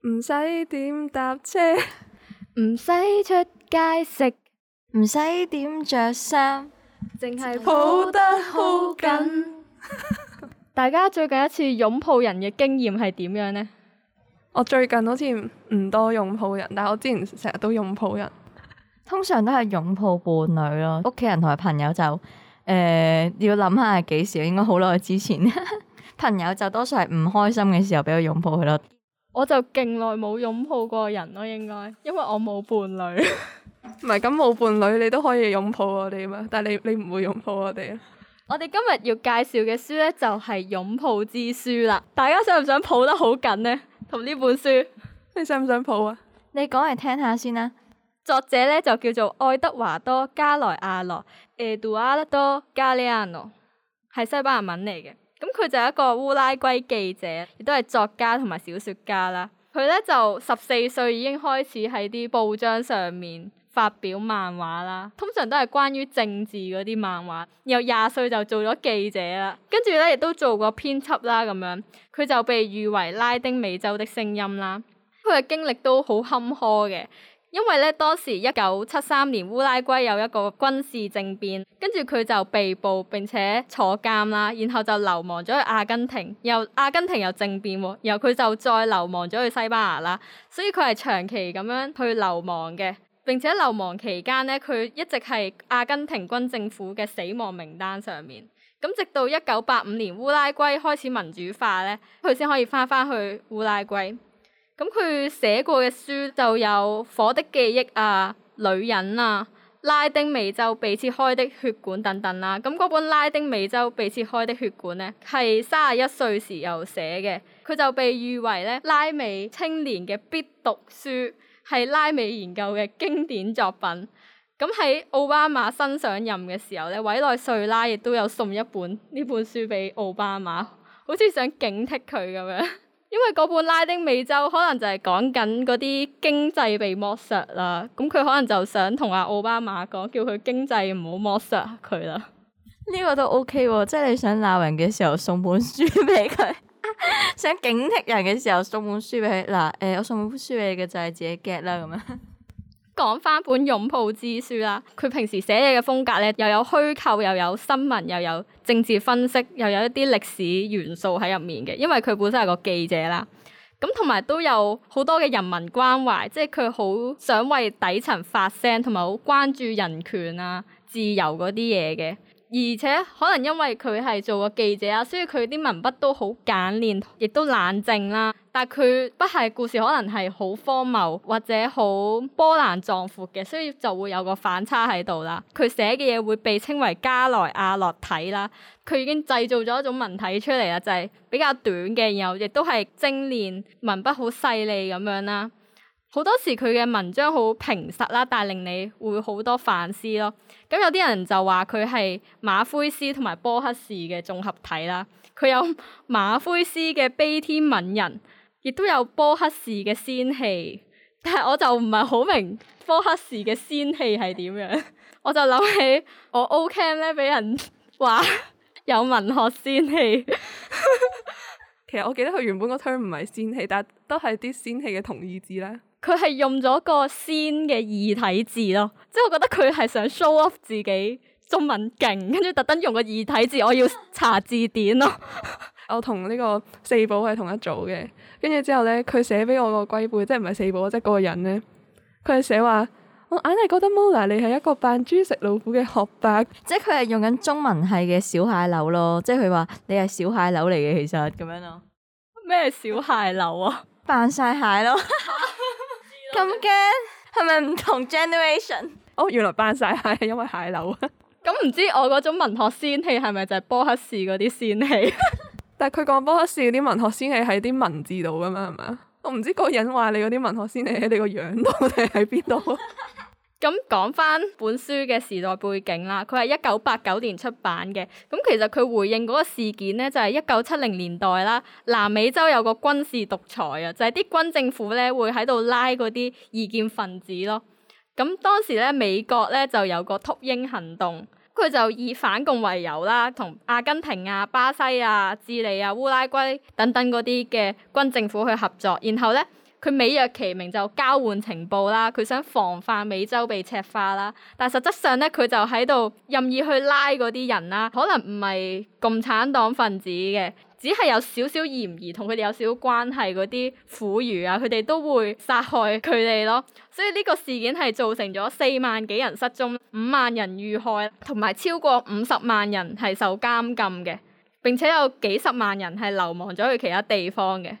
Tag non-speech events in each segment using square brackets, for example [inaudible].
唔使點搭車，唔使出街食，唔使點着衫，淨係抱得好緊。大家最近一次擁抱人嘅經驗係點樣呢？我最近好似唔多擁抱人，但係我之前成日都擁抱人。通常都係擁抱伴侶咯，屋企人同埋朋友就誒、呃、要諗下係幾時，應該好耐之前。 [laughs] 朋友就多數係唔開心嘅時候擁抱，俾佢擁抱佢咯。我就勁耐冇擁抱過人咯，應該因為我冇伴侶。唔係咁冇伴侶，你都可以擁抱我哋嘛？但係你你唔會擁抱我哋啊？我哋今日要介紹嘅書呢，就係擁抱之書啦。大家想唔想抱得好緊呢？同呢本書，你想唔想抱啊？你講嚟聽，聽下先啦。作者咧，就叫做愛德華多加萊阿諾，Eduardo 加利亞諾係西班牙文嚟嘅。咁、嗯、佢就係一個烏拉圭記者，亦都係作家同埋小說家啦。佢咧，就十四歲已經開始喺啲報章上面發表漫畫啦，通常都係關於政治嗰啲漫畫。然後廿歲就做咗記者啦，跟住咧，亦都做過編輯啦咁樣。佢就被譽為拉丁美洲的聲音啦。佢嘅經歷都好坎坷嘅。因為咧，當時一九七三年烏拉圭有一個軍事政變，跟住佢就被捕並且坐監啦，然後就流亡咗去阿根廷，又阿根廷又政變喎，然後佢就再流亡咗去西班牙啦，所以佢係長期咁樣去流亡嘅，並且流亡期間咧，佢一直係阿根廷軍政府嘅死亡名單上面，咁直到一九八五年烏拉圭開始民主化咧，佢先可以翻翻去烏拉圭。咁佢寫過嘅書就有《火的記憶》啊，《女人》啊，《拉丁美洲被切開的血管》等等啦，啊。咁嗰本《拉丁美洲被切開的血管》呢，係三十一歲時候寫嘅，佢就被譽為呢，拉美青年嘅必讀書，係拉美研究嘅經典作品。咁喺奧巴馬新上任嘅時候呢，委內瑞拉亦都有送一本呢本書俾奧巴馬，好似想警惕佢咁樣。因為嗰本拉丁美洲可能就係講緊嗰啲經濟被剝削啦，咁佢可能就想同阿奧巴馬講，叫佢經濟唔好剝削佢啦。呢個都 OK 喎、哦，即係你想鬧人嘅時候送本書畀佢， [laughs] 想警惕人嘅時候送本書畀佢。嗱，誒，我送本書畀你嘅就係自己 get 啦咁樣。講翻本《擁抱之書》啦，佢平時寫嘢嘅風格咧，又有虛構，又有新聞，又有政治分析，又有一啲歷史元素喺入面嘅，因為佢本身係個記者啦。咁同埋都有好多嘅人民關懷，即係佢好想為底層發聲，同埋好關注人權啊、自由嗰啲嘢嘅。而且可能因為佢係做過記者啊，所以佢啲文筆都好簡練，亦都冷靜啦。但佢不係故事，可能係好荒謬或者好波瀾壯闊嘅，所以就會有個反差喺度啦。佢寫嘅嘢會被稱為加萊亞諾體啦，佢已經製造咗一種文體出嚟啦，就係比較短嘅，然後亦都係精練文筆，好細膩咁樣啦。好多時佢嘅文章好平實啦，但令你會好多反思咯。咁有啲人就話佢係馬灰斯同埋波克士嘅綜合體啦。佢有馬灰斯嘅悲天憫人，亦都有波克士嘅仙氣。但係我就唔係好明波克士嘅仙氣係點樣。 [laughs] 我就諗起我 O camp 咧，俾人話有文學仙氣。 [laughs] [laughs] 其實我記得佢原本個 term 唔係仙氣，但都係啲仙氣嘅同義字啦。佢係用咗個先嘅異體字咯，即係我覺得佢係想 show off 自己中文勁，跟住特登用個異體字，我要查字典咯。 [laughs] [laughs] 我同呢個四寶係同一組嘅，跟住之後呢，佢寫俾我個龜背，即係唔係四寶，即嗰個人呢。佢係寫話我硬係覺得 Mona 你係一個扮豬食老虎嘅學霸，即係佢係用緊中文系嘅小蟹柳咯，即係佢話你係小蟹柳嚟嘅，其實咁樣咯。咩小蟹柳啊？ [laughs] 扮晒蟹咯～ [laughs] 咁驚係咪唔同 generation？哦，原來扮晒蟹係因為蟹柳啊！咁 [laughs] 唔知我嗰種文學仙氣係咪就係波克士嗰啲仙氣？ [laughs] 但係佢講波克士嗰啲文學仙氣喺啲文字度㗎嘛？係咪 [laughs] 我唔知嗰個人話你嗰啲文學仙氣喺你個樣度定喺邊度？ [laughs] 咁講翻本書嘅時代背景啦，佢係一九八九年出版嘅。咁其實佢回應嗰個事件咧，就係一九七零年代啦。南美洲有個軍事獨裁啊，就係啲軍政府咧會喺度拉嗰啲意見分子咯。咁當時咧美國咧就有個禿鷹行動，佢就以反共為由啦，同阿根廷啊、巴西啊、智利啊、烏拉圭等等嗰啲嘅軍政府去合作，然後咧。佢美若其名就交換情報啦，佢想防範美洲被赤化啦。但實質上咧，佢就喺度任意去拉嗰啲人啦。可能唔係共產黨分子嘅，只係有少少嫌疑同佢哋有少少關係嗰啲苦魚啊，佢哋都會殺害佢哋咯。所以呢個事件係造成咗四萬幾人失蹤，五萬人遇害，同埋超過五十萬人係受監禁嘅。並且有幾十萬人係流亡咗去其他地方嘅。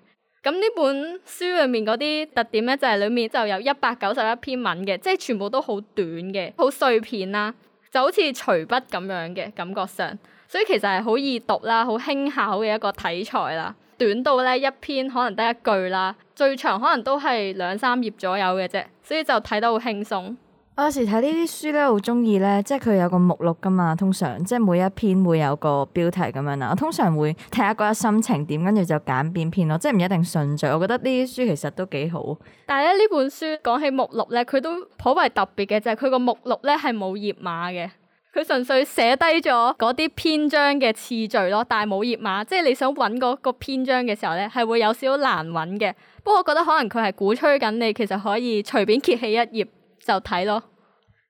咁呢本書裏面嗰啲特點咧，就係裡面就有一百九十一篇文嘅，即係全部都好短嘅，好碎片啦，就好似隨筆咁樣嘅感覺上。所以其實係好易讀啦，好輕巧嘅一個體裁啦。短到咧一篇可能得一句啦，最長可能都係兩三頁左右嘅啫，所以就睇得好輕鬆。我有時睇呢啲書咧，好中意咧，即係佢有個目錄噶嘛，通常即係每一篇會有個標題咁樣啦。我通常會睇下嗰日心情點，跟住就揀邊篇咯，即係唔一定順序。我覺得呢啲書其實都幾好。但係咧，呢本書講起目錄咧，佢都頗為特別嘅，就係佢個目錄咧係冇頁碼嘅，佢純粹寫低咗嗰啲篇章嘅次序咯，但係冇頁碼，即係你想揾嗰個篇章嘅時候咧，係會有少少難揾嘅。不過我覺得可能佢係鼓吹緊你，其實可以隨便揭起一頁。就睇咯，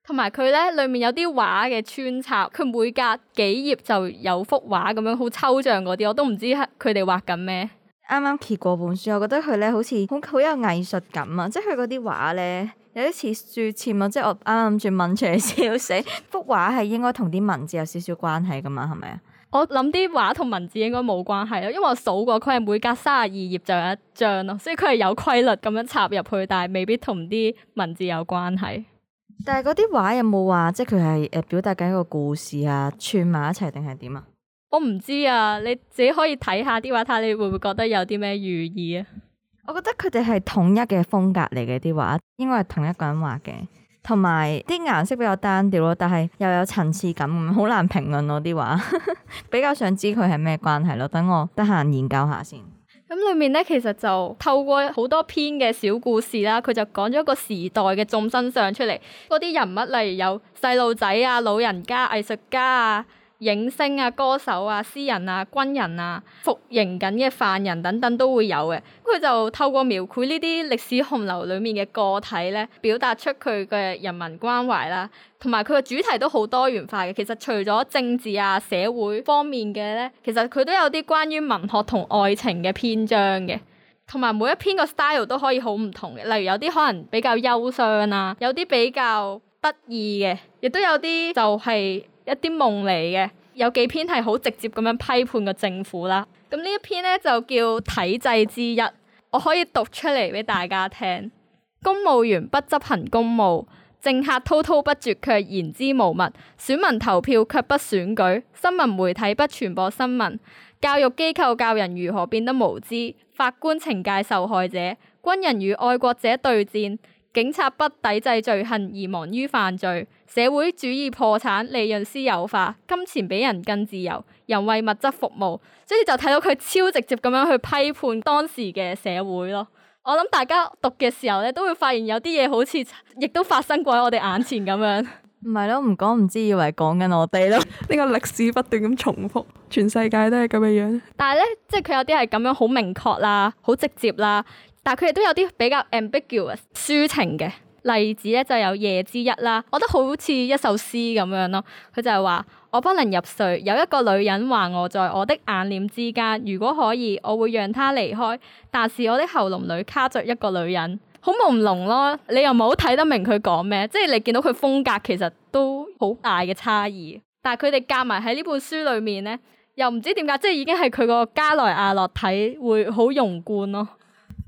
同埋佢咧裏面有啲畫嘅穿插，佢每隔幾頁就有幅畫咁樣，好抽象嗰啲，我都唔知佢哋畫緊咩。啱啱揭過本書，我覺得佢咧好似好好有藝術感啊！即係佢嗰啲畫咧有啲似注詞啊！即係我啱啱諗住問出嚟笑死， [laughs] 幅畫係應該同啲文字有少少關係噶嘛？係咪啊？我諗啲畫同文字應該冇關係咯，因為我數過佢係每隔三十二頁就有一張咯，所以佢係有規律咁樣插入去，但係未必同啲文字有關係。但係嗰啲畫有冇話即係佢係誒表達緊一個故事啊，串埋一齊定係點啊？我唔知啊，你自己可以睇下啲畫，睇下你會唔會覺得有啲咩寓意啊？我覺得佢哋係統一嘅風格嚟嘅啲畫，應該係同一個人畫嘅。同埋啲顏色比較單調咯，但係又有層次感，好難評論嗰啲畫， [laughs] 比較想知佢係咩關係咯。等我得閒研究下先。咁裏面咧，其實就透過好多篇嘅小故事啦，佢就講咗一個時代嘅眾生相出嚟，嗰啲人物例如有細路仔啊、老人家、藝術家啊、影星啊、歌手啊、詩人啊、軍人啊、服刑緊嘅犯人等等都會有嘅。佢就透過描繪呢啲歷史洪流裏面嘅個體咧，表達出佢嘅人民關懷啦。同埋佢嘅主題都好多元化嘅。其實除咗政治啊、社會方面嘅咧，其實佢都有啲關於文學同愛情嘅篇章嘅。同埋每一篇個 style 都可以好唔同嘅。例如有啲可能比較憂傷啊，有啲比較得意嘅，亦都有啲就係、是。一啲夢嚟嘅，有幾篇係好直接咁樣批判個政府啦。咁呢一篇呢，就叫體制之一，我可以讀出嚟俾大家聽。公務員不執行公務，政客滔滔不絕卻言之無物，選民投票卻不選舉，新聞媒體不傳播新聞，教育機構教人如何變得無知，法官懲戒受害者，軍人與愛國者對戰。警察不抵制罪行而忙於犯罪，社會主義破產，利潤私有化，金錢比人更自由，人為物質服務。所以就睇到佢超直接咁樣去批判當時嘅社會咯。我諗大家讀嘅時候咧，都會發現有啲嘢好似亦都發生過喺我哋眼前咁樣。唔係咯，唔講唔知，以為講緊我哋咯。呢 [laughs] [laughs] 個歷史不斷咁重複，全世界都係咁嘅樣，但係咧，即係佢有啲係咁樣好明確啦，好直接啦。但佢哋都有啲比較 ambiguous 抒情嘅例子咧，就有夜之一啦。我覺得好似一首詩咁樣咯。佢就係話：我不能入睡，有一個女人橫我在我的眼簾之間。如果可以，我會讓她離開，但是我的喉嚨裏卡着一個女人，好朦朧咯。你又唔好睇得明佢講咩，即係你見到佢風格其實都好大嘅差異。但係佢哋夾埋喺呢本書裏面呢，又唔知點解，即係已經係佢個加萊亞諾體會好融貫咯。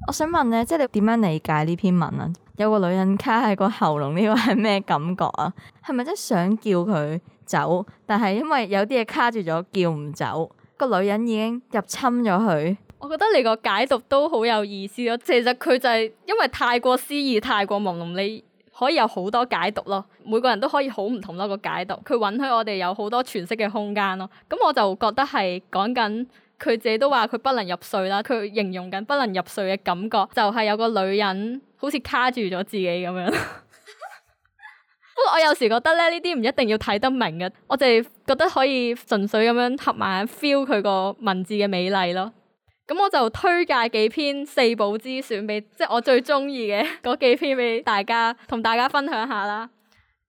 我想問咧，即係你點樣理解呢篇文啊？有個女人卡喺個喉嚨，呢、這個係咩感覺啊？係咪真想叫佢走，但係因為有啲嘢卡住咗，叫唔走？個女人已經入侵咗佢。我覺得你個解讀都好有意思咯。其實佢就係、是、因為太過詩意、太過朦朧，你可以有好多解讀咯。每個人都可以好唔同咯個解讀，佢允許我哋有好多詮釋嘅空間咯。咁我就覺得係講緊。佢自己都話佢不能入睡啦。佢形容緊不能入睡嘅感覺，就係、是、有個女人好似卡住咗自己咁樣。呵呵 [laughs] [laughs] 不過我有時覺得咧，呢啲唔一定要睇得明嘅，我哋覺得可以純粹咁樣合埋眼 [laughs] feel 佢個文字嘅美麗咯。咁我就推介幾篇四寶之選俾，即、就、係、是、我最中意嘅嗰幾篇俾大家同大家分享下啦。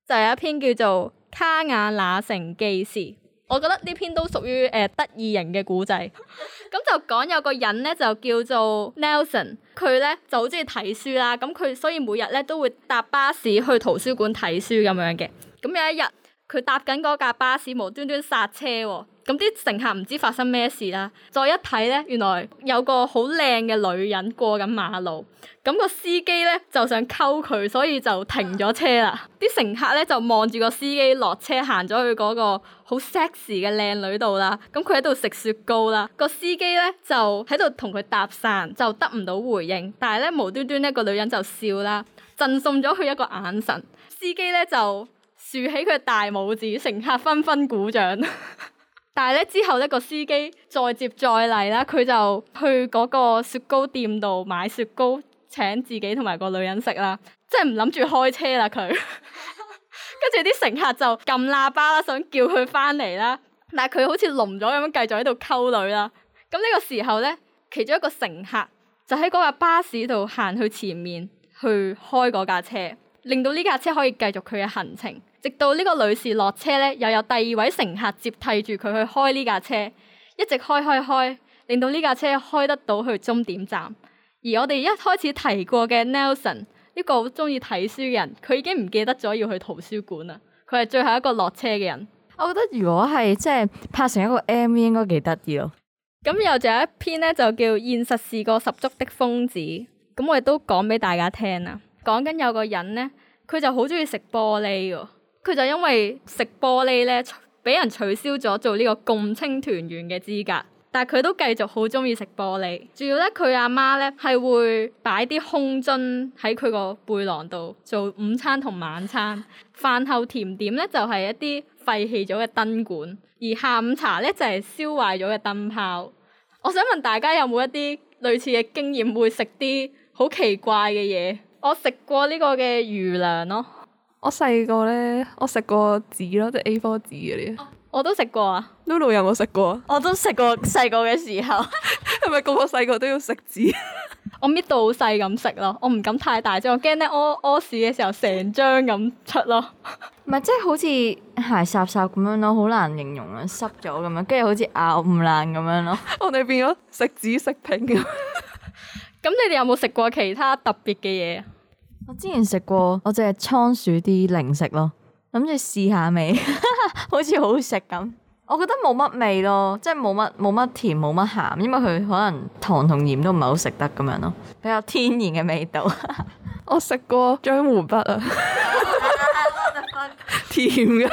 就有、是、一篇叫做《卡雅那城記事》。我覺得呢篇都屬於誒、呃、得意型嘅古仔，咁 [laughs] 就講有個人咧就叫做 Nelson，佢咧就好鍾意睇書啦，咁佢所以每日咧都會搭巴士去圖書館睇書咁樣嘅，咁有一日。佢搭緊嗰架巴士，無端端剎車喎，咁啲乘客唔知發生咩事啦。再一睇咧，原來有個好靚嘅女人過緊馬路，咁個司機咧就想溝佢，所以就停咗車啦。啲、啊、乘客咧就望住個司機落車，行咗去嗰個好 sexy 嘅靚女度啦。咁佢喺度食雪糕啦，個司機咧就喺度同佢搭訕，就得唔到回應。但係咧無端端咧、個女人就笑啦，贈送咗佢一個眼神，司機咧就。豎起佢大拇指，乘客紛紛鼓掌。 [laughs] 但係咧之後咧，個司機再接再厲啦，佢就去嗰個雪糕店度買雪糕，請自己同埋個女人食啦，即係唔諗住開車啦佢。跟住啲乘客就撳喇叭啦，想叫佢翻嚟啦。但係佢好似聾咗咁樣，繼續喺度溝女啦。咁呢個時候咧，其中一個乘客就喺嗰個巴士度行去前面去開嗰架車，令到呢架車可以繼續佢嘅行程。直到呢個女士落車呢，又有第二位乘客接替住佢去開呢架車，一直開開開，令到呢架車開得到去終點站。而我哋一開始提過嘅 Nelson，呢個好中意睇書嘅人，佢已經唔記得咗要去圖書館啦。佢係最後一個落車嘅人。我覺得如果係即係拍成一個 MV，應該幾得意咯。咁又就有一篇呢，就叫《現實是個十足的瘋子》。咁我亦都講俾大家聽啦，講緊有個人呢，佢就好中意食玻璃喎。佢就因為食玻璃咧，俾人取消咗做呢個共青團員嘅資格，但係佢都繼續好中意食玻璃。仲要咧，佢阿媽咧係會擺啲空樽喺佢個背囊度做午餐同晚餐。飯後甜點咧就係一啲廢棄咗嘅燈管，而下午茶咧就係燒壞咗嘅燈泡。我想問大家有冇一啲類似嘅經驗，會食啲好奇怪嘅嘢？我食過呢個嘅魚糧咯。我細個咧，我食過紙咯，即係 A4 紙嗰啲。我都食過啊。Lulu 有冇食過啊？我都食過，細個嘅時候。係咪個個細個都要食紙 [laughs] ？我搣到好細咁食咯，我唔敢太大張，我驚咧屙屙屎嘅時候成張咁出咯。唔係， [laughs] 即係好似鞋濕濕咁樣咯，好難形容啊，濕咗咁樣，跟住好似咬唔爛咁樣咯。 [laughs] 我哋變咗食紙食片。咁你哋有冇食過其他特別嘅嘢？我之前食過，我隻倉鼠啲零食咯，諗住試下味， [laughs] 好，好似好食咁。我覺得冇乜味咯，即係冇乜冇乜甜冇乜鹹，因為佢可能糖同鹽都唔係好食得咁樣咯，比較天然嘅味道。 [laughs] 我食過漿糊筆啊， [laughs] [laughs] 甜嘅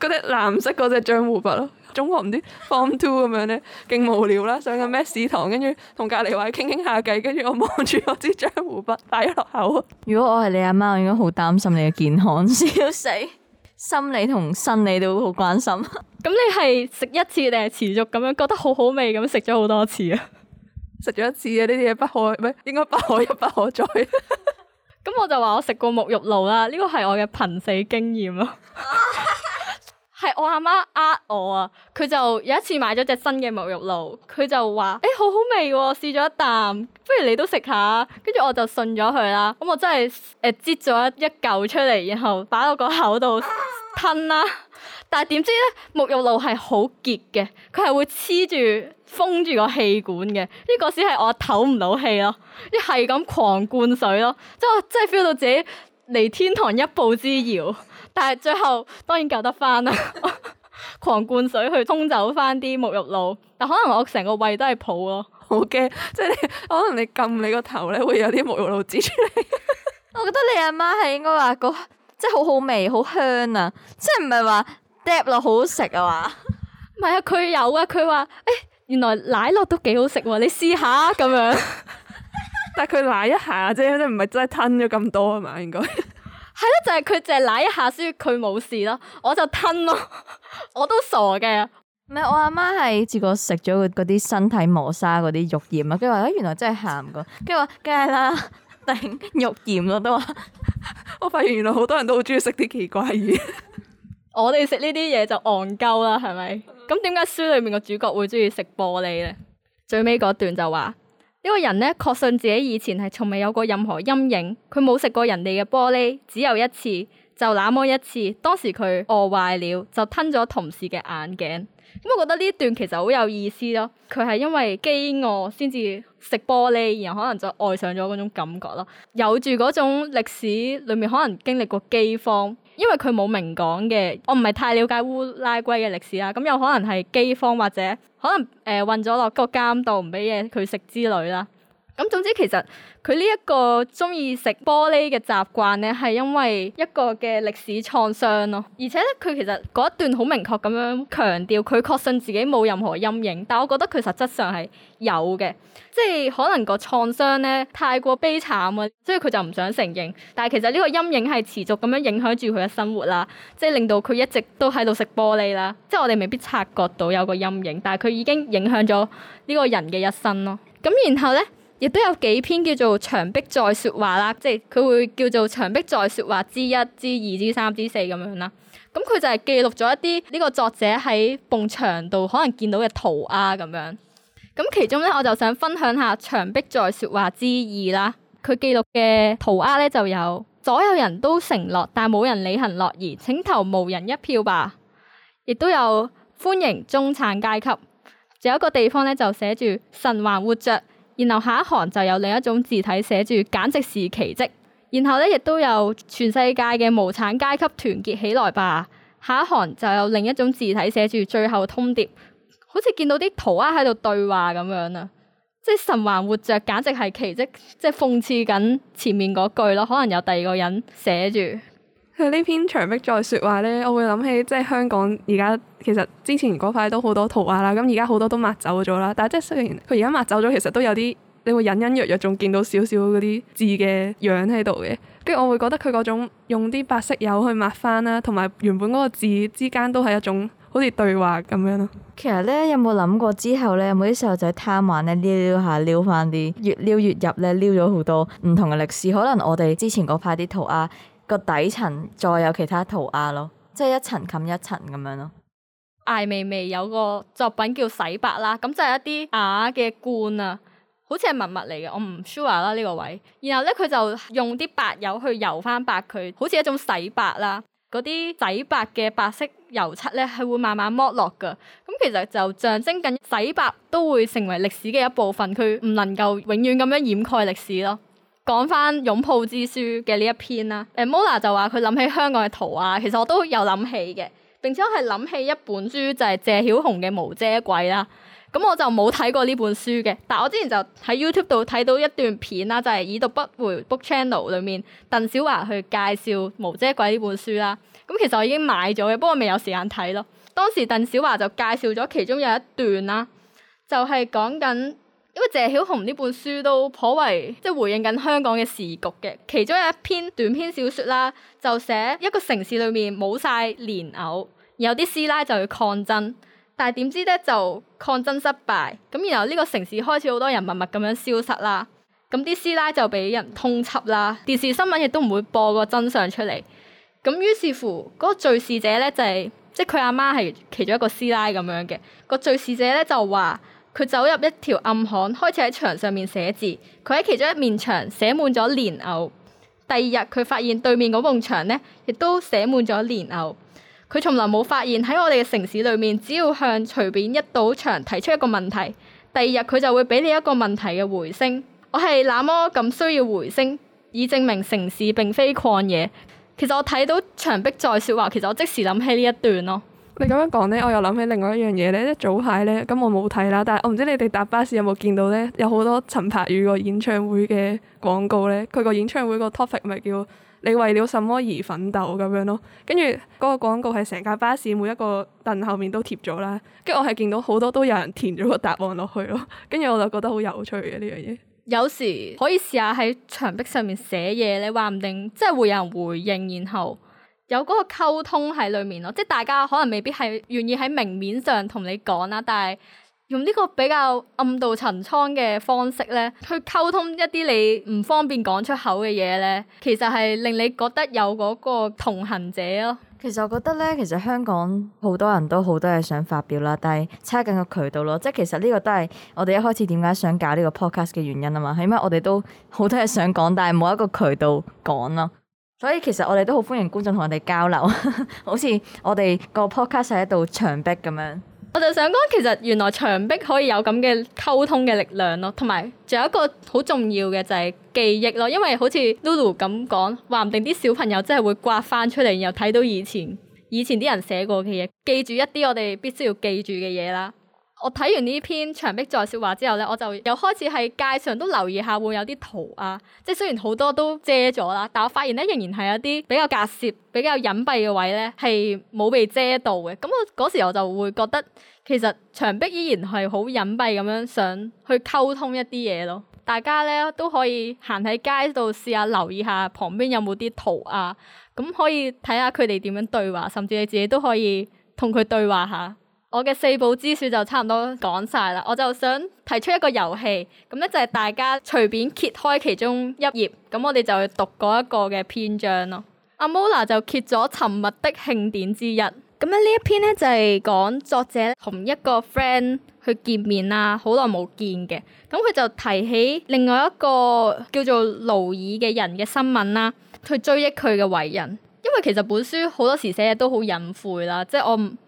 嗰隻藍色嗰隻漿糊筆咯。中學唔知 [laughs] form two 咁樣咧，勁無聊啦，上緊咩史堂，跟住同隔離位傾傾下偈，跟住我望住我支漿糊筆，擺咗落口。如果我係你阿媽，媽，我應該好擔心你嘅健康，笑死， [laughs] 心理同生理都好關心。咁你係食一次定係持續咁樣覺得好好味咁食咗好多次啊？食 [laughs] 咗一次啊，呢啲嘢不可，唔係應該不可一不可再。咁 [laughs] 我就話我食過沐浴露啦，呢個係我嘅瀕死經驗咯。 [laughs] 係我阿媽呃我啊，佢就有一次買咗隻新嘅沐浴露，佢就話，唉、欸，好好味喎，試咗一啖，不如你都食下啊。跟住我就信咗佢啦，咁我真係誒、呃、擠咗一一嚿出嚟，然後擺到個口度吞啦。但係點知咧，沐浴露係好結嘅，佢係會黐住封住個氣管嘅，呢個先係我唞唔到氣咯，一係係咁狂灌水咯，即係真係 feel 到自己離天堂一步之遙。但係最後當然救得翻啦，狂灌水去沖走翻啲沐浴露，露，但可能我成個胃都係泡咯，好驚！即係你，可能你撳你個頭呢會有啲沐浴露擠出嚟。我覺得你阿媽係應該話個即係好好味，好香啊！即係唔係話嗒落好食啊嘛？唔係啊，佢有啊，佢話誒，原來奶酪都幾好食喎，你試下咁樣。 [laughs] 但佢奶一下啫，即係唔係真係吞咗咁多啊嘛？應該。係咯，就係佢淨係舐一下，所以佢冇事咯。我就吞咯，我都傻嘅。唔係我阿媽係自過食咗嗰啲身體磨砂嗰啲肉鹽啊，佢話啊，原來真係鹹噶，跟住話梗係啦，頂肉鹽咯都話。我發現原來好多人都好中意食啲奇怪嘢。我哋食呢啲嘢就戇鳩啦，係咪？咁點解書裏面個主角會中意食玻璃咧？最尾嗰段就話。呢個人咧，確信自己以前係從未有過任何陰影，佢冇食過人哋嘅玻璃，只有一次，就那麼一次。當時佢餓壞了，就吞咗同事嘅眼鏡。咁我覺得呢一段其實好有意思咯。佢係因為飢餓先至食玻璃，然後可能就愛上咗嗰種感覺咯。有住嗰種歷史裏面可能經歷過饑荒。因為佢冇明講嘅，我唔係太了解烏拉圭嘅歷史啦，咁有可能係饑荒或者可能誒困咗落個監度，唔俾嘢佢食之類啦。咁總之其實佢呢一個鍾意食玻璃嘅習慣呢，係因為一個嘅歷史創傷咯。而且咧，佢其實嗰一段好明確咁樣強調，佢確信自己冇任何陰影。但我覺得佢實質上係有嘅，即係可能個創傷呢太過悲慘啊，所以佢就唔想承認。但係其實呢個陰影係持續咁樣影響住佢嘅生活啦，即係令到佢一直都喺度食玻璃啦。即係我哋未必察覺到有個陰影，但係佢已經影響咗呢個人嘅一生咯。咁然後呢。亦都有幾篇叫做《牆壁在説話》啦，即係佢會叫做《牆壁在説話》之一、之二、之三、之四咁樣啦。咁佢就係記錄咗一啲呢個作者喺埲牆度可能見到嘅塗鴉咁樣。咁其中咧，我就想分享下《牆壁在説話》之二啦。佢記錄嘅塗鴉咧就有，所有人都承諾，但冇人履行諾言。請投無人一票吧。亦都有歡迎中產階級。仲有一個地方咧，就寫住神還活着。然後下一行就有另一種字體寫住，簡直是奇蹟。然後呢亦都有全世界嘅無產階級團結起來吧。下一行就有另一種字體寫住，最後通牒。好似見到啲塗鴉喺度對話咁樣啊，即係神還活着，簡直係奇蹟，即係諷刺緊前面嗰句咯。可能有第二個人寫住。佢呢篇牆壁再説話呢，我會諗起即係香港而家其實之前嗰塊都好多圖畫啦，咁而家好多都抹走咗啦。但係即係雖然佢而家抹走咗，其實都有啲你會隱隱約約仲見到少少嗰啲字嘅樣喺度嘅。跟住我會覺得佢嗰種用啲白色油去抹翻啦，同埋原本嗰個字之間都係一種好似對話咁樣咯。其實呢，有冇諗過之後呢？有冇啲細路仔貪玩呢？撩撩下撩翻啲，越撩越入呢？撩咗好多唔同嘅歷史。可能我哋之前嗰塊啲圖畫，個底層再有其他塗鴉咯，即係一層冚一層咁樣咯。艾未未有個作品叫洗白啦，咁就係一啲瓦嘅罐啊，好似係文物嚟嘅，我唔 sure 啦呢個位。然後呢，佢就用啲白油去油翻白佢，好似一種洗白啦。嗰啲洗白嘅白色油漆呢，係會慢慢剝落噶。咁其實就象徵緊洗白都會成為歷史嘅一部分，佢唔能夠永遠咁樣掩蓋歷史咯。講翻《擁抱之書》嘅呢一篇啦，誒 Mola 就話佢諗起香港嘅圖啊。其實我都有諗起嘅。並且我係諗起一本書就係、是、謝曉虹嘅《無遮鬼》啦。咁我就冇睇過呢本書嘅，但我之前就喺 YouTube 度睇到一段片啦，就係、是、已讀不回 book channel 裏面，鄧小樺去介紹《無遮鬼》呢本書啦。咁其實我已經買咗嘅，不過未有時間睇咯。當時鄧小樺就介紹咗其中有一段啦，就係講緊。因為謝曉虹呢本書都頗為，即係回應緊香港嘅時局嘅，其中有一篇短篇小說啦，就寫一個城市裏面冇晒蓮藕，然後啲師奶就去抗爭，但係點知呢，就抗爭失敗，咁然後呢個城市開始好多人默默咁樣消失啦，咁啲師奶就俾人通緝啦，電視新聞亦都唔會播個真相出嚟，咁於是乎嗰、那個敘事者呢，就係、是、即係佢阿媽係其中一個師奶咁樣嘅，那個敘事者呢，就話。佢走入一條暗巷，開始喺牆上面寫字。佢喺其中一面牆寫滿咗蓮藕。第二日佢發現對面嗰埲牆呢，亦都寫滿咗蓮藕。佢從來冇發現喺我哋嘅城市裏面，只要向隨便一堵牆提出一個問題，第二日佢就會俾你一個問題嘅回聲。我係那麼咁需要回聲，以證明城市並非曠野。其實我睇到牆壁在説話，其實我即時諗起呢一段咯。你咁樣講呢，我又諗起另外一樣嘢呢。一早排呢，咁我冇睇啦。但係我唔知你哋搭巴士有冇見到呢？有好多陳柏宇個演唱會嘅廣告呢，佢個演唱會個 topic 咪叫你為了什麼而奮鬥咁樣咯。跟住嗰個廣告係成架巴士每一個凳後面都貼咗啦。跟住我係見到好多都有人填咗個答案落去咯。跟住我就覺得好有趣嘅呢樣嘢。有時可以試下喺牆壁上面寫嘢，你話唔定即係會有人回應，然後。有嗰個溝通喺裏面咯，即係大家可能未必係願意喺明面上同你講啦，但係用呢個比較暗度陳倉嘅方式咧，去溝通一啲你唔方便講出口嘅嘢咧，其實係令你覺得有嗰個同行者咯。其實我覺得咧，其實香港好多人都好多嘢想發表啦，但係差緊個渠道咯。即係其實呢個都係我哋一開始點解想搞呢個 podcast 嘅原因啊嘛，係因為我哋都好多嘢想講，但係冇一個渠道講咯。所以其實我哋都好歡迎觀眾同我哋交流， [laughs] 好似我哋個 podcast 喺度牆壁咁樣。我就想講，其實原來牆壁可以有咁嘅溝通嘅力量咯，同埋仲有一個好重要嘅就係記憶咯，因為好似 Lulu 咁講，話唔定啲小朋友真係會刮翻出嚟，然後睇到以前以前啲人寫過嘅嘢，記住一啲我哋必須要記住嘅嘢啦。我睇完呢篇牆壁在說話之後咧，我就又開始喺街上都留意下會有啲圖啊，即係雖然好多都遮咗啦，但我發現咧仍然係有啲比較隔涉、比較隱蔽嘅位咧係冇被遮到嘅。咁我嗰時我就會覺得，其實牆壁依然係好隱蔽咁樣，想去溝通一啲嘢咯。大家咧都可以行喺街度試下留意下旁邊有冇啲圖啊，咁可以睇下佢哋點樣對話，甚至你自己都可以同佢對話下。我嘅四部之書就差唔多講晒啦，我就想提出一個遊戲，咁咧就係大家隨便揭開其中一頁，咁我哋就讀嗰一個嘅篇章咯。阿、啊、Mula 就揭咗《沉默的慶典》之一，咁咧呢一篇咧就係、是、講作者同一個 friend 去見面啊，好耐冇見嘅，咁佢就提起另外一個叫做勞爾嘅人嘅新聞啦，去追憶佢嘅為人，因為其實本書好多時寫嘢都好隱晦啦，即、就、係、是、我唔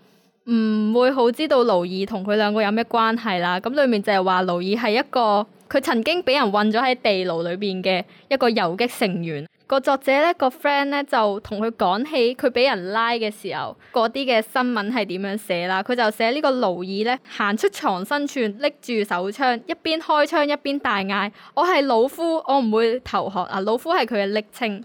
唔會好知道勞爾同佢兩個有咩關係啦，咁裏面就係話勞爾係一個佢曾經俾人困咗喺地牢裏邊嘅一個游擊成員。個作者呢個 friend 呢，就同佢講起佢俾人拉嘅時候嗰啲嘅新聞係點樣寫啦，佢就寫呢個勞爾呢，行出藏身處拎住手槍，一邊開槍一邊大嗌：我係老夫，我唔會投降啊！老夫係佢嘅昵稱。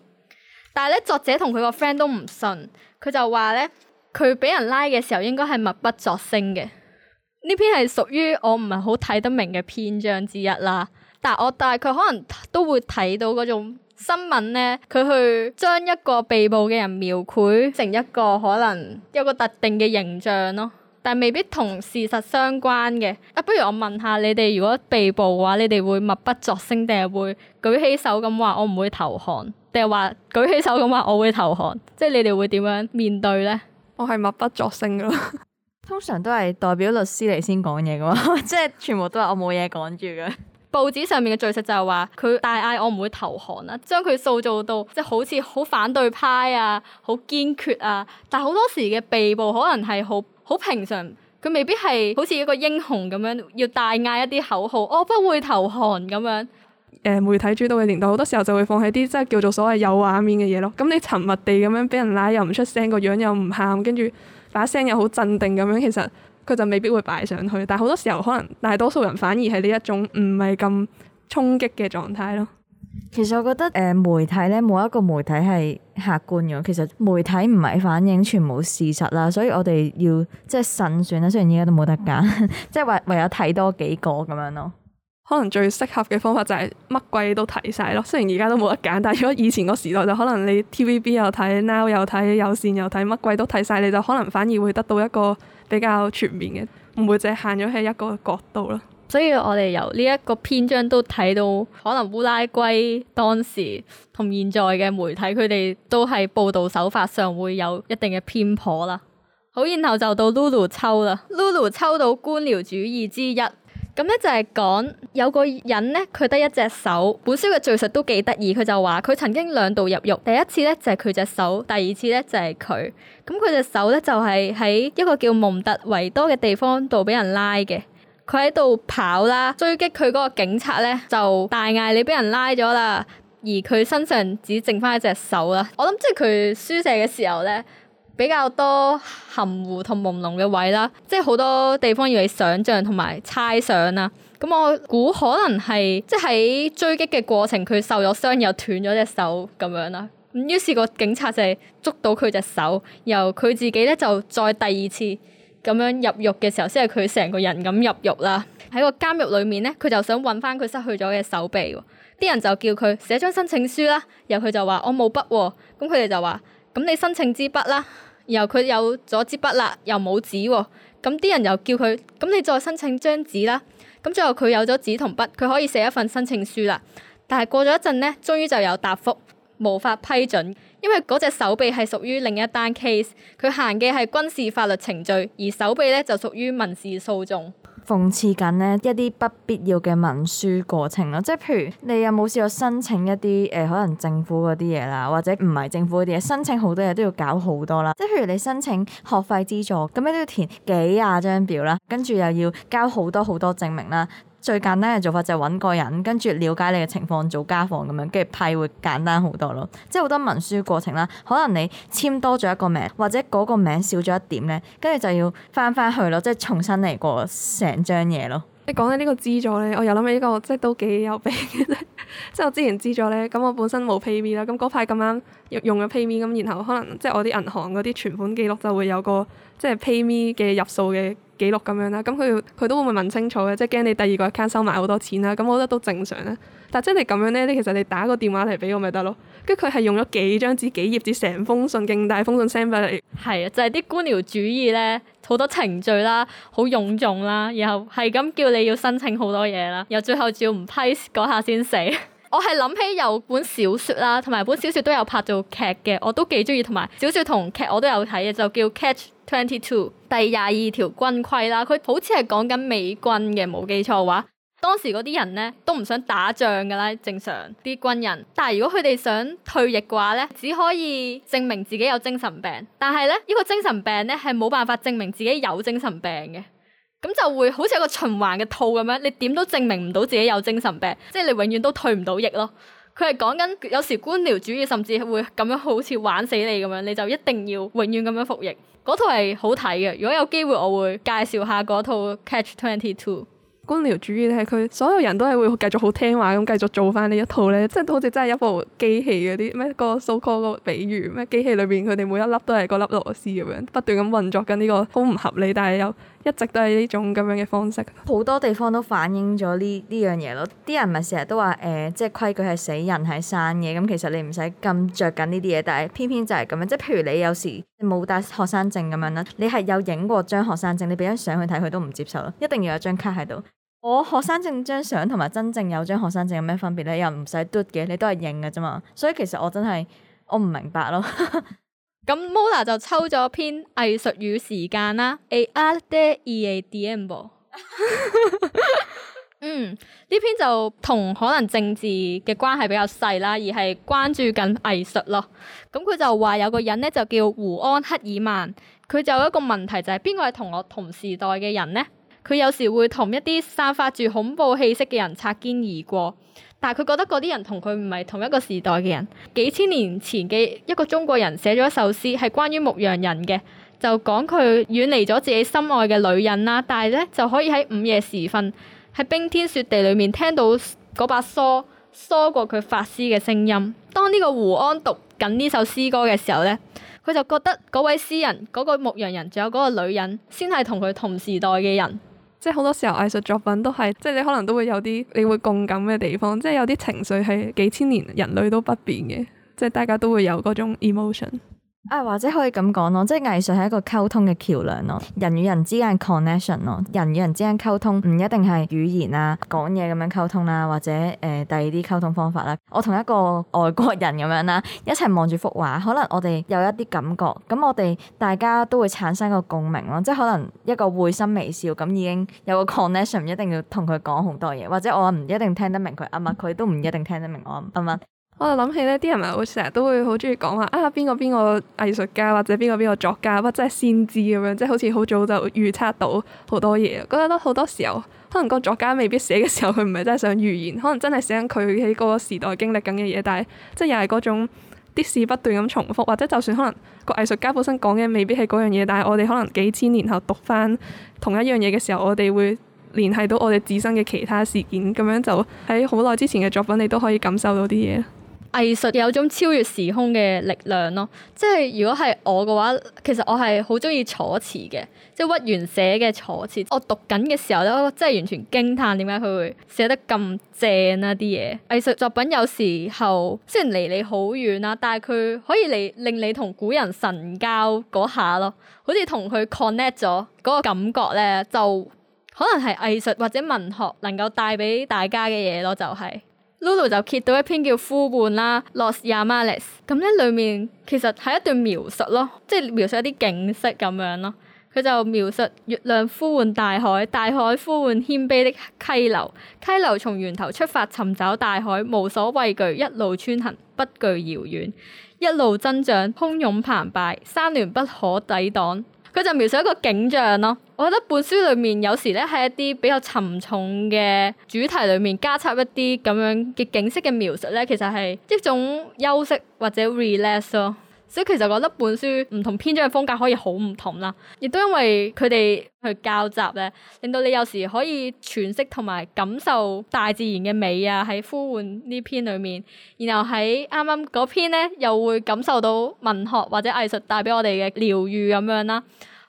但係呢作者同佢個 friend 都唔信，佢就話呢。佢俾人拉嘅時候，應該係默不作聲嘅。呢篇係屬於我唔係好睇得明嘅篇章之一啦。但係我大概可能都會睇到嗰種新聞呢，佢去將一個被捕嘅人描繪成一個可能有一個特定嘅形象咯，但係未必同事實相關嘅。啊，不如我問下你哋，如果被捕嘅話，你哋會默不作聲，定係會舉起手咁話我唔會投降，定係話舉起手咁話我會投降？即係你哋會點樣面對呢？我係默不作聲㗎，通常都係代表律師嚟先講嘢噶嘛， [laughs] 即係全部都係我冇嘢講住嘅。報紙上面嘅敘述就係話佢大嗌我唔會投降啦，將佢塑造到即係、就是、好似好反對派啊，好堅決啊。但係好多時嘅被捕可能係好好平常，佢未必係好似一個英雄咁樣要大嗌一啲口號，我不會投降咁樣。誒，媒體主導嘅年代，好多時候就會放喺啲即係叫做所謂有畫面嘅嘢咯。咁你沉默地咁樣俾人拉又唔出聲，個樣又唔喊，跟住把聲又好鎮定咁樣，其實佢就未必會擺上去。但係好多時候可能大多數人反而係呢一種唔係咁衝擊嘅狀態咯。其實我覺得誒媒體咧，冇一個媒體係客觀嘅。其實媒體唔係反映全部事實啦，所以我哋要即係慎選啦。雖然依家都冇得揀，嗯、即係唯唯有睇多幾個咁樣咯。可能最適合嘅方法就係乜鬼都睇晒咯。雖然而家都冇得揀，但係如果以前個時代就可能你 TVB 又睇，Now 又睇，有線又睇，乜鬼都睇晒，你就可能反而會得到一個比較全面嘅，唔會淨係限咗喺一個角度咯。所以我哋由呢一個篇章都睇到，可能烏拉圭當時同現在嘅媒體，佢哋都係報導手法上會有一定嘅偏頗啦。好，然後就到 Lulu 抽啦，Lulu 抽到官僚主義之一。咁咧就係講有個人咧，佢得一隻手。本書嘅敘述都幾得意，佢就話佢曾經兩度入獄，第一次咧就係佢隻手，第二次咧就係、是、佢。咁佢隻手咧就係、是、喺一個叫蒙特維多嘅地方度俾人拉嘅。佢喺度跑啦，追擊佢嗰個警察咧就大嗌：你俾人拉咗啦！而佢身上只剩翻一隻手啦。我諗即係佢書寫嘅時候咧，比較多含糊同朦朧嘅位啦，即係好多地方要你想像同埋猜想啦。咁我估可能係即係喺追擊嘅過程，佢受咗傷又斷咗隻手咁樣啦。咁於是個警察就係捉到佢隻手，然後佢自己咧就再第二次咁樣入獄嘅時候，先係佢成個人咁入獄啦。喺個監獄裏面咧，佢就想搵返佢失去咗嘅手臂，啲人就叫佢寫張申請書啦。然後佢就話我冇筆喎，咁佢哋就話咁你申請支筆啦。然後佢有咗支筆啦，又冇紙喎，咁啲人又叫佢，咁你再申請張紙啦。咁最後佢有咗紙同筆，佢可以寫一份申請書啦。但係過咗一陣呢，終於就有答覆，無法批准，因為嗰隻手臂係屬於另一單 case，佢行嘅係軍事法律程序，而手臂呢就屬於民事訴訟。諷刺緊咧一啲不必要嘅文書過程咯，即係譬如你有冇試過申請一啲誒、呃、可能政府嗰啲嘢啦，或者唔係政府嗰啲嘢，申請好多嘢都要搞好多啦。即係譬如你申請學費資助，咁你都要填幾廿張表啦，跟住又要交好多好多證明啦。最簡單嘅做法就係揾個人，跟住了解你嘅情況做家訪咁樣，跟住派會簡單好多咯。即係好多文書過程啦，可能你簽多咗一個名，或者嗰個名少咗一點呢，跟住就要翻翻去咯，即係重新嚟過成張嘢咯。你講緊呢個資助呢，我又諗起呢個，即係都幾有味嘅啫。 [laughs] 即係我之前資助呢，咁我本身冇 PayMe 啦，咁嗰排咁啱用咗 PayMe，咁然後可能即係我啲銀行嗰啲存款記錄就會有個即係 PayMe 嘅入數嘅。記錄咁樣啦，咁佢佢都會唔問清楚嘅？即係驚你第二個 account 收埋好多錢啦，咁我覺得都正常咧。但即係你咁樣呢，你其實你打個電話嚟俾我咪得咯。跟住佢係用咗幾張紙、幾頁紙、成封信、勁大封信 send 翻嚟。係啊，就係、是、啲官僚主義呢，好多程序啦，好臃腫啦，然後係咁叫你要申請好多嘢啦，又最後照唔批嗰下先死。我係諗起有本小説啦，同埋本小説都有拍做劇嘅，我都幾中意。同埋小説同劇我都有睇嘅，就叫《Catch Twenty Two》第廿二條軍規啦。佢好似係講緊美軍嘅，冇記錯嘅話。當時嗰啲人呢都唔想打仗㗎啦，正常啲軍人。但係如果佢哋想退役嘅話呢，只可以證明自己有精神病。但係呢，呢、呢個精神病呢係冇辦法證明自己有精神病嘅。咁就會好似一個循環嘅套咁樣，你點都證明唔到自己有精神病，即係你永遠都退唔到役咯。佢係講緊有時官僚主義甚至會咁樣好似玩死你咁樣，你就一定要永遠咁樣服役。嗰套係好睇嘅，如果有機會我會介紹下嗰套22《Catch Twenty Two》官僚主義咧，佢所有人都係會繼續好聽話咁繼續做翻呢一套呢，即係好似真係一部機器嗰啲咩個 so call 個比喻咩機器裏邊佢哋每一粒都係個粒螺絲咁樣不斷咁運作緊呢、這個好唔合理但係又。一直都係呢種咁樣嘅方式，好多地方都反映咗呢呢樣嘢咯。啲人咪成日都話，誒、呃，即係規矩係死，人係生嘅。咁其實你唔使咁着緊呢啲嘢，但係偏偏就係咁樣。即係譬如你有時冇帶學生證咁樣啦，你係有影過張學生證，你俾張相去睇，佢都唔接受咯。一定要有張卡喺度。我學生證張相同埋真正有張學生證有咩分別咧？又唔使嘟嘅，你都係影㗎啫嘛。所以其實我真係我唔明白咯。 [laughs] 咁 Mola 就抽咗篇藝術與時間啦，A Arte e a Tempo。嗯，呢篇就同可能政治嘅關係比較細啦，而係關注緊藝術咯。咁佢就話有個人咧，就叫胡安克爾曼，佢就有一個問題，就係邊個係同我同時代嘅人呢？佢有時會同一啲散發住恐怖氣息嘅人擦肩而過。但係佢覺得嗰啲人同佢唔係同一個時代嘅人。幾千年前嘅一個中國人寫咗一首詩，係關於牧羊人嘅，就講佢遠離咗自己心愛嘅女人啦。但係呢，就可以喺午夜時分喺冰天雪地裏面聽到嗰把梳梳過佢髮絲嘅聲音。當呢個胡安讀緊呢首詩歌嘅時候呢，佢就覺得嗰位詩人、嗰、嗰個牧羊人仲有嗰個女人，先係同佢同時代嘅人。即係好多時候藝術作品都係，即係你可能都會有啲你會共感嘅地方，即係有啲情緒係幾千年人類都不變嘅，即係大家都會有嗰種 emotion。啊，或者可以咁講咯，即係藝術係一個溝通嘅橋樑咯，人與人之間嘅 connection 咯，人與人之間溝通唔一定係語言啊、講嘢咁樣溝通啦，啊，或者誒第二啲溝通方法啦。我同一個外國人咁樣啦，一齊望住幅畫，可能我哋有一啲感覺，咁我哋大家都會產生個共鳴咯，即係可能一個會心微笑咁已經有個 connection，唔一定要同佢講好多嘢，或者我唔一定聽得明佢，啱唔啱？佢都唔一定聽得明我，啱唔啱？我就諗起呢啲人咪會成日都會好中意講話啊邊個邊個藝術家或者邊個邊個作家，或者真係先知咁樣，即係好似好早就預測到好多嘢。覺得都好多時候，可能個作家未必寫嘅時候，佢唔係真係想預言，可能真係寫緊佢喺嗰個時代經歷緊嘅嘢。但係即係又係嗰種啲事不斷咁重複，或者就算可能個藝術家本身講嘅未必係嗰樣嘢，但係我哋可能幾千年後讀翻同一樣嘢嘅時候，我哋會聯繫到我哋自身嘅其他事件，咁樣就喺好耐之前嘅作品，你都可以感受到啲嘢。藝術有種超越時空嘅力量咯，即係如果係我嘅話，其實我係好中意《楚辭》嘅，即係屈原寫嘅《楚辭》。我讀緊嘅時候咧，我真係完全驚歎點解佢會寫得咁正啊啲嘢。藝術作品有時候雖然離你好遠啊，但係佢可以嚟令你同古人神交嗰下咯，好似同佢 connect 咗嗰個感覺咧，就可能係藝術或者文學能夠帶俾大家嘅嘢咯，就係、是。Lulu 就揭到一篇叫《呼喚》啦，《Los llamados》，咁咧裏面其實係一段描述咯，即係描述一啲景色咁樣咯。佢就描述月亮呼喚大海，大海呼喚謙卑的溪流，溪流從源頭出發，尋找大海，無所畏懼，一路穿行，不懼遙遠，一路增長，洶湧澎，澎湃，山巒不可抵擋。佢就描述一個景象咯，我覺得本書裡面有時呢喺一啲比較沉重嘅主題裡面加插一啲咁樣嘅景色嘅描述呢，其實係一種休息或者 relax 咯。所以其實我覺得本書唔同篇章嘅風格可以好唔同啦，亦都因為佢哋去交集咧，令到你有時可以詮釋同埋感受大自然嘅美啊，喺呼喚呢篇裏面，然後喺啱啱嗰篇咧又會感受到文學或者藝術帶俾我哋嘅療愈咁樣啦，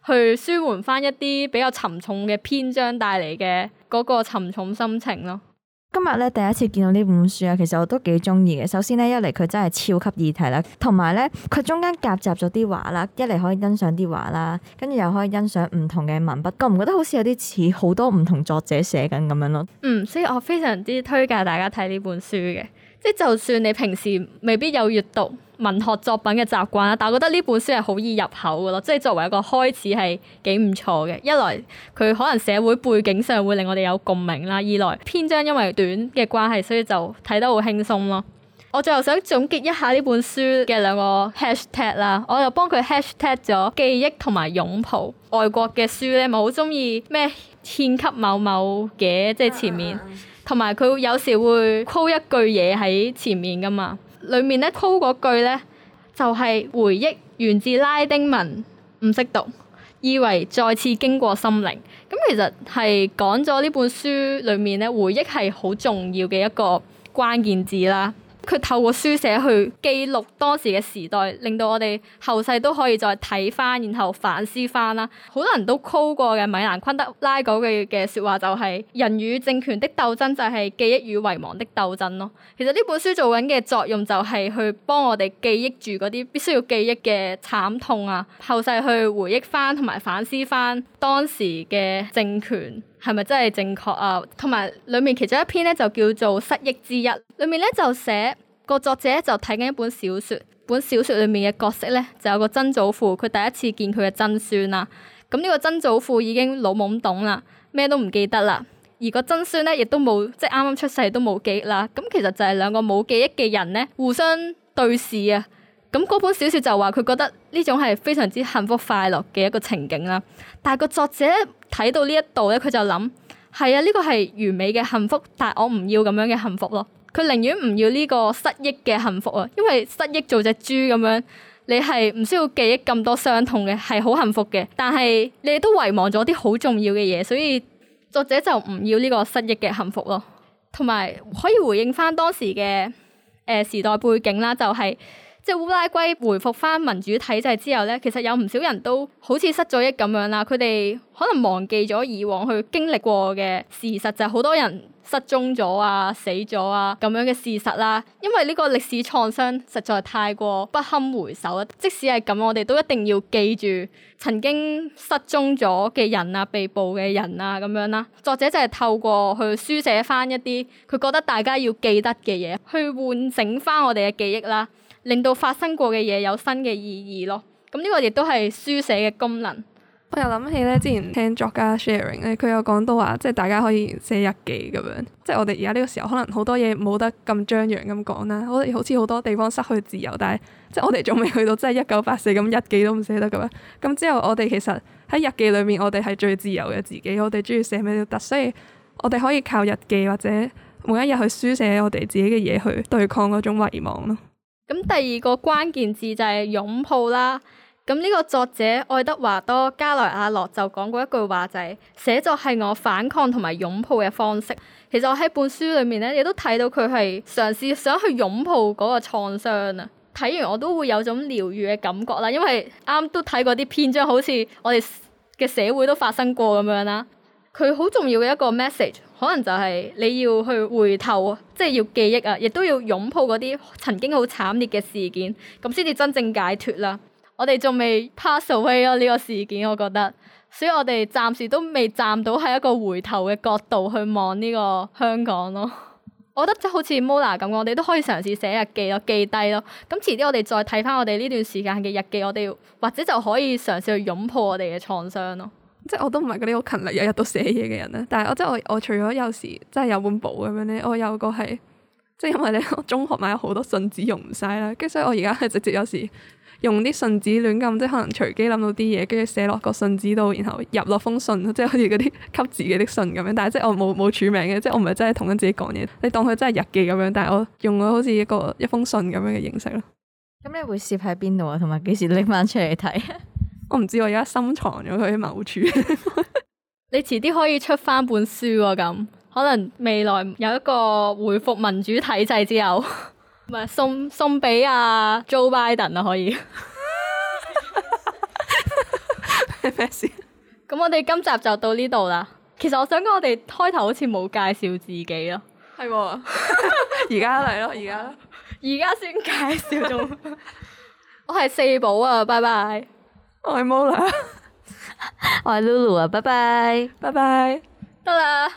去舒緩返一啲比較沉重嘅篇章帶嚟嘅嗰個沉重心情咯。今日咧第一次見到呢本書啊，其實我都幾中意嘅。首先呢，一嚟佢真係超級易睇啦，同埋呢，佢中間夾雜咗啲畫啦，一嚟可以欣賞啲畫啦，跟住又可以欣賞唔同嘅文筆。覺唔覺得好似有啲似好多唔同作者寫緊咁樣咯？嗯，所以我非常之推介大家睇呢本書嘅，即就算你平時未必有閱讀。文學作品嘅習慣啦，但係我覺得呢本書係好易入口嘅咯，即係作為一個開始係幾唔錯嘅。一來佢可能社會背景上會令我哋有共鳴啦，二來篇章因為短嘅關係，所以就睇得好輕鬆咯。我最後想總結一下呢本書嘅兩個 hashtag 啦，我又幫佢 hashtag 咗記憶同埋擁抱。外國嘅書咧，咪好中意咩獻給某某嘅，即係前面，同埋佢有時會 call 一句嘢喺前面噶嘛。裡面咧 p 嗰句咧就係、是、回憶源自拉丁文，唔識讀，意為再次經過心靈。咁、嗯、其實係講咗呢本書裡面咧，回憶係好重要嘅一個關鍵字啦。佢透過書寫去記錄當時嘅時代，令到我哋後世都可以再睇翻，然後反思翻啦。好多人都 call 過嘅米蘭昆德拉嗰句嘅説話就係：人與政權的鬥爭就係記憶與遺忘的鬥爭咯。其實呢本書做緊嘅作用就係去幫我哋記憶住嗰啲必須要記憶嘅慘痛啊，後世去回憶翻同埋反思翻當時嘅政權。係咪真係正確啊？同埋裏面其中一篇咧就叫做失憶之一，裏面咧就寫個作者就睇緊一本小説，本小説裏面嘅角色咧就有個曾祖父，佢第一次見佢嘅曾孫啦。咁呢個曾祖父已經老懵懂啦，咩都唔記得啦。而個曾孫咧亦都冇，即係啱啱出世都冇記憶啦。咁其實就係兩個冇記憶嘅人咧，互相對視啊！咁嗰本小説就話佢覺得呢種係非常之幸福快樂嘅一個情景啦，但係個作者睇到呢一度咧，佢就諗，係啊，呢個係完美嘅幸福，但係我唔要咁樣嘅幸福咯。佢寧願唔要呢個失憶嘅幸福啊，因為失憶做隻豬咁樣，你係唔需要記憶咁多傷痛嘅，係好幸福嘅。但係你都遺忘咗啲好重要嘅嘢，所以作者就唔要呢個失憶嘅幸福咯。同埋可以回應返當時嘅誒時代背景啦，就係⋯⋯。即係烏拉圭回復翻民主體制之後咧，其實有唔少人都好似失咗憶咁樣啦。佢哋可能忘記咗以往去經歷過嘅事實，就係好多人失蹤咗啊、死咗啊咁樣嘅事實啦。因為呢個歷史創傷實在太過不堪回首，即使係咁，我哋都一定要記住曾經失蹤咗嘅人啊、被捕嘅人啊咁樣啦。作者就係透過去書寫翻一啲佢覺得大家要記得嘅嘢，去喚醒翻我哋嘅記憶啦。令到發生過嘅嘢有新嘅意義咯。咁、嗯、呢個亦都係書寫嘅功能。我又諗起呢之前聽作家 Sharing 咧，佢有講到話，即係大家可以寫日記咁樣。即係我哋而家呢個時候，可能好多嘢冇得咁張揚咁講啦。我哋好似好多地方失去自由，但係即係我哋仲未去到真係一九八四咁，日記都唔寫得咁。咁之後，我哋其實喺日記裏面，我哋係最自由嘅自己。我哋中意寫咩都得，所以我哋可以靠日記或者每一日去書寫我哋自己嘅嘢，去對抗嗰種遺忘咯。咁第二個關鍵字就係擁抱啦。咁呢個作者愛德華多加萊亞諾就講過一句話就係：寫作係我反抗同埋擁抱嘅方式。其實我喺本書裏面咧，亦都睇到佢係嘗試想去擁抱嗰個創傷啊。睇完我都會有種療愈嘅感覺啦，因為啱啱都睇過啲篇章，好似我哋嘅社會都發生過咁樣啦。佢好重要嘅一個 message，可能就係你要去回頭，即係要記憶啊，亦都要擁抱嗰啲曾經好慘烈嘅事件，咁先至真正解脫啦。我哋仲未 pass away 咯呢個事件，我覺得，所以我哋暫時都未站到係一個回頭嘅角度去望呢個香港咯。 [laughs] 我覺得即係好似 Mona 咁我哋都可以嘗試寫日記咯，記低咯。咁遲啲我哋再睇翻我哋呢段時間嘅日記，我哋或者就可以嘗試去擁抱我哋嘅創傷咯。即係我都唔係嗰啲好勤力日日都寫嘢嘅人啦，但係我即係我我除咗有時真係有本簿咁樣咧，我有個係即係因為咧我中學買咗好多信紙用唔晒啦，跟住所以我而家係直接有時用啲信紙亂咁，即係可能隨機諗到啲嘢，跟住寫落個信紙度，然後入落封信，即係好似嗰啲給自己的信咁樣。但係即係我冇冇署名嘅，即係我唔係真係同緊自己講嘢，你當佢真係日記咁樣。但係我用咗好似一個一封信咁樣嘅形式咯。咁你會攝喺邊度啊？同埋幾時拎翻出嚟睇？ [laughs] 我唔知我而家深藏咗佢喺某處， [laughs] 你遲啲可以出翻本書啊！咁可能未來有一個回復民主體制之後，唔 [laughs] 係送送俾阿、啊、Joe Biden 啊，可以咩事？咁我哋今集就到呢度啦。其實我想講，我哋開頭好似冇介紹自己咯，係而家嚟咯，而家而家先介紹咗，我係四寶啊，拜拜。我冇啦，我係露露啊，拜拜，拜拜，得啦。